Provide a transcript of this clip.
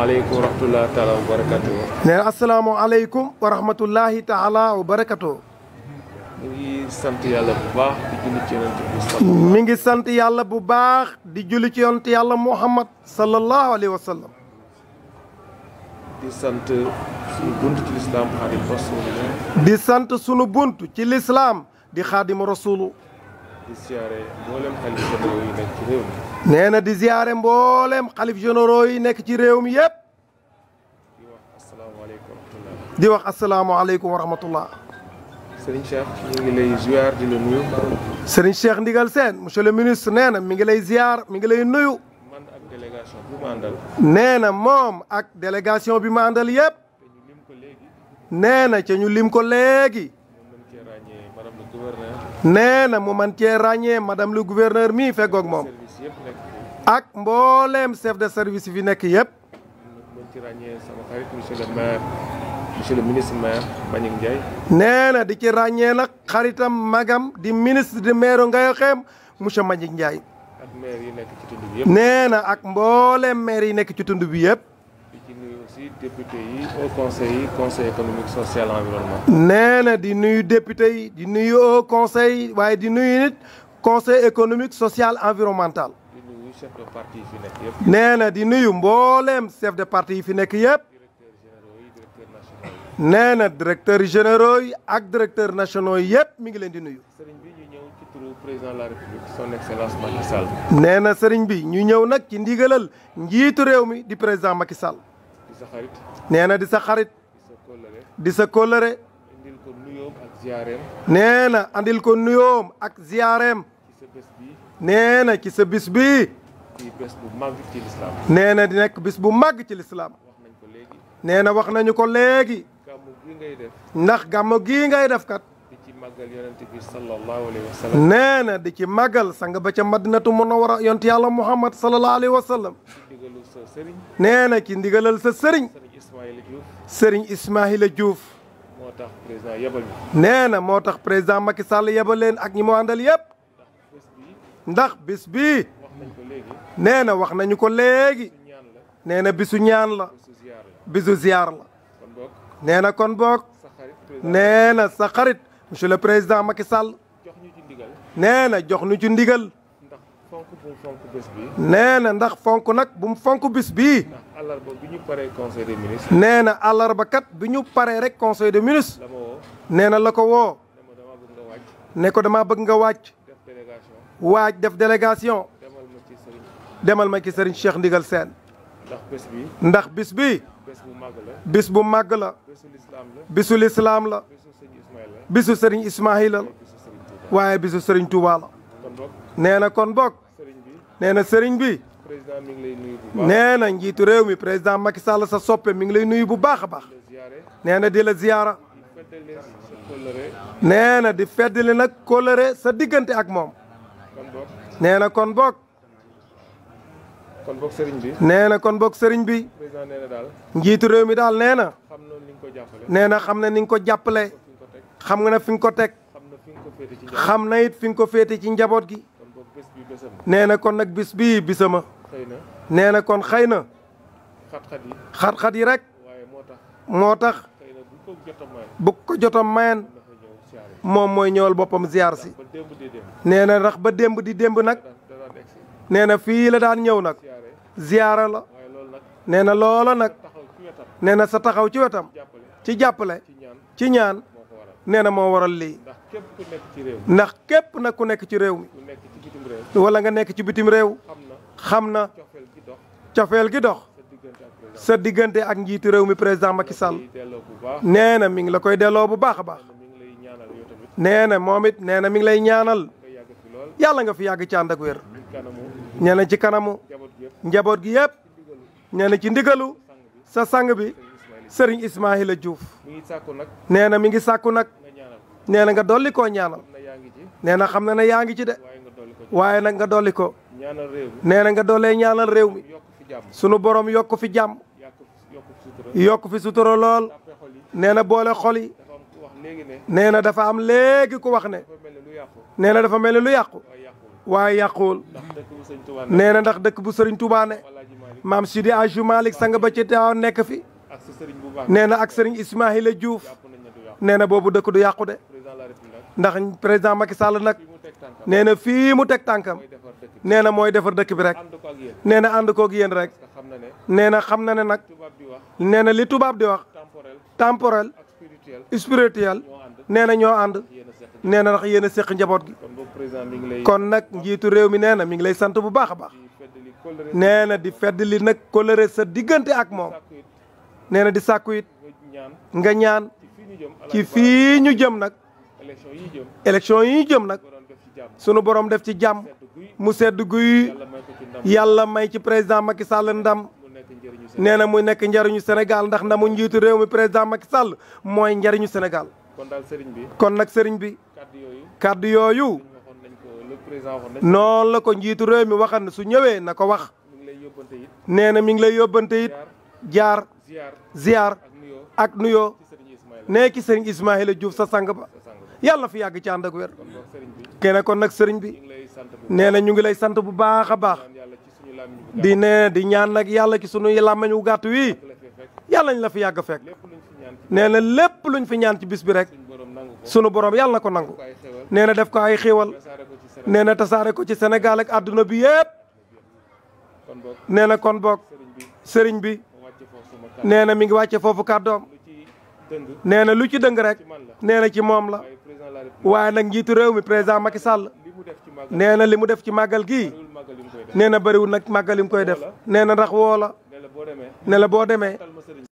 maaleykum wa rahmatulah taala wa wa rahmatulahi taala ngi sant yàlla bu baax di julli ci yonent bi. ngi sant yàlla bu baax di julli ci yonent yàlla Muhammad sallallahu alayhi wa sallam. di sant sunu bunt ci lislaam xaadim rasulu. di sant sunu bunt ci lislaam di xaadim rasulu. di ziare nee na di ziare mboolem xalif généraux yi nekk ci réew mi yëpp. di wax asalaamaaleykum wa rahmatulah. di wax asalaamaaleykum wa rahmatulah. Serigne Cheikh mi ngi lay ziar di la nuyu. Serigne Ndigal Sène monsieur le ministre nee na mi ngi lay ziar mi ngi lay nuyu. man ak délégation moom ak délégation bi ma àndal yëpp. ca ñu lim nee na mu man ci ràññee madame le gouverneur mi mii ak mom ak mbollem chef de service fi nek yeb ci sama xarit monsieur le maire monsieur le ministre maire Mbagnick ndjay nee di ci ràññee nak xaritam magam di ministre de maire xem monsieur Mbagnick ndjay ak maire yi nek ci tundu bi yeb nee ak mbooleem maire yi nekk ci tund bi yëpp. député au conseil conseil économique social environnement. nee na di nuyu député du di nuyu au conseil waaye di nuyu nit conseil économique social environnemental. di nuyu chef de parti fi nekk yëpp. nee di nuyu mbooleem chef de parti yi fi nekk yëpp. nee na directeurs généraux yi ak directeurs nationaux yi mi ngi leen di nuyu. sëriñ bi ñu ñëw ci turu président de la république son excellence Macky Sall. na sëriñ bi ñu ñëw nag ci mi di président Macky Sall. Nena disakarit di andil ko nuyoom ak ziyaareem. nee andil ko nuyoom ak ziyaareem. ci sa ci sa bis bi. sang ba ca madinatu munawwara yonti Muhammad sallallahu alaihi wasallam. nee na ci ndigalal sa sëriñ. sëriñ Ismaïla Diouf. moo tax président yebal nee na moo tax président Macky Sall yebal leen ak ñi mu àndal yëpp. ndax bis bii. nee na wax nañu ko léegi. nee na bisu ñaan la. bisu ziar la. nee na kon boog. nee na sa xarit monsieur le président Macky Sall. nee na jox nu ci ndigal. nee na ndax fonk nag bu mu fonk bis bii. àllarba bi ñu paree conseil des ministres. nee na àllarba kat bi ñu paree rek conseil des ministres. nee na la ko woo. ne ko dama bëgg nga wàcc. waaj def délégation. demal ma ci Serigne Cheikh Ndigal Sène. ndax bis bi. ndax bis bi. bis bu màgg la. bis bu màgg la. bisu lislaam la. bisu lislaam la. bisu Serigne Ismaïla la. waaye bisu Serigne Touba la. nee na kon bokk. nee na sëriñ bi. président mi ngi lay nuyu bu na njiitu réew mi président Macky Sall sa soppe mi ngi lay nuyu bu baax a baax. nee na di la ziyaara. nee na di feddali nag kóllëre sa diggante ak moom. nee na kon boog. kon boog sëriñ bi. nee na kon boog sëriñ bi. njiitu réew mi daal nee na. nee na xam na ni nga ko jàppale. xam nga ne fi nga ko teg. xam na it fi nga ko féete ci njaboot gi. nee na kon nag bis bii bisama. nee na kon xëy na. xat-xat yi xat-xat yi rek. moo tax. bu ko jotom mayen moom mooy ñëwal boppam ziar si. nee na ndax ba démb di démb nag. nee na fii la daan ñëw nag. ziara la. nee na loola nag. nee na sa taxaw ci wetam. ci jàppale. ci ñaan. nee moo waral lii. ndax képp nag ku nekk ci réew mi. wala nga nek ci bitim réew xamna na cofeel gi dox sa ak réew mi président Macky Sall nee na mi ngi la koy delloo bu baax baax nee na moom nee na mi ngi lay ñaanal yalla nga fi yag ci andak ci kanamu njabot gi yépp nee ci ndigalu sa sang bi serigne ismaïla Diouf nee na mi ngi sakku nak nee nga dolli ko ñaanal nee na na yaangi ci de waaye nag nga dolli ko. ñaanal réew nee na nga doolee ñaanal réew mi. sunu borom yokk fi jàmm. yokk fi sutura lool. nee na boole xol yi. nee na dafa am léegi ku wax ne. nee na dafa mel ni lu yàqu. waaye yàquwul. nee na ndax dëkk bu sëriñ Touba ne. maam Sidi Ajou Malick sang ba ci taaw nekk fi. nee na ak sëriñ Ismaahila Diouf. nee na boobu dëkk du yàqu de. ndax président Macky Sall nag. nee fi tangkam, mu tek tankam nee moy defar dekk bi rek nena and ko ak yeen rek nee xamna ne nak nee li tubab di wax temporel spirituel nee na and ànd nak yeena sekk njabot gi kon nak njitu rew mi nee mi ngi lay sante bu baakha baax di fedd li nag sa digeunte ak mom di sakuit, it nga ñaan ci fi ñu jëm nak election yi yi jëm nak sunu boroom def ci jàmm mu sedd guy yàlla may ci président Macky Sall ndam nee na muy nekk njariñu Sénégal ndax ndamu njiitu réew mi président Macky Sall mooy njariñu Sénégal kon daal sëriñ bi kon nag sëriñ bi kàddu yooyu noonu la ko njiitu réew mi waxan su ñëwee na ko wax nee na mi ngi lay yóbbante it jaar ziar ak nuyoo nee ki sëriñ Ismaïla Diouf sa sang ba yàlla fi yàgg ci ànd ak wér kene kon nag sëriñ bi nee na ñu ngi lay sant bu baax a baax di ne di ñaan nag yàlla ci sunu làmmiñ wu gàtt wi yàlla ñu la fi yàgg fekk nee na lépp luñ fi ñaan ci bis bi rek sunu borom yàlla na ko nangu nee na def ko ay xéewal nee na tasaare ko ci Sénégal ak bi yépp nee na kon boog sëriñ bi nee na mi ngi wàcce foofu kàddoom nee na lu ci dëng rek nee na ci moom la waaye nag njiitu réew mi président Macky Sall nee na li mu def ci màggal gii nee na bëriwul nag màggal yi mu koy def nee na ndax woo la ne la boo demee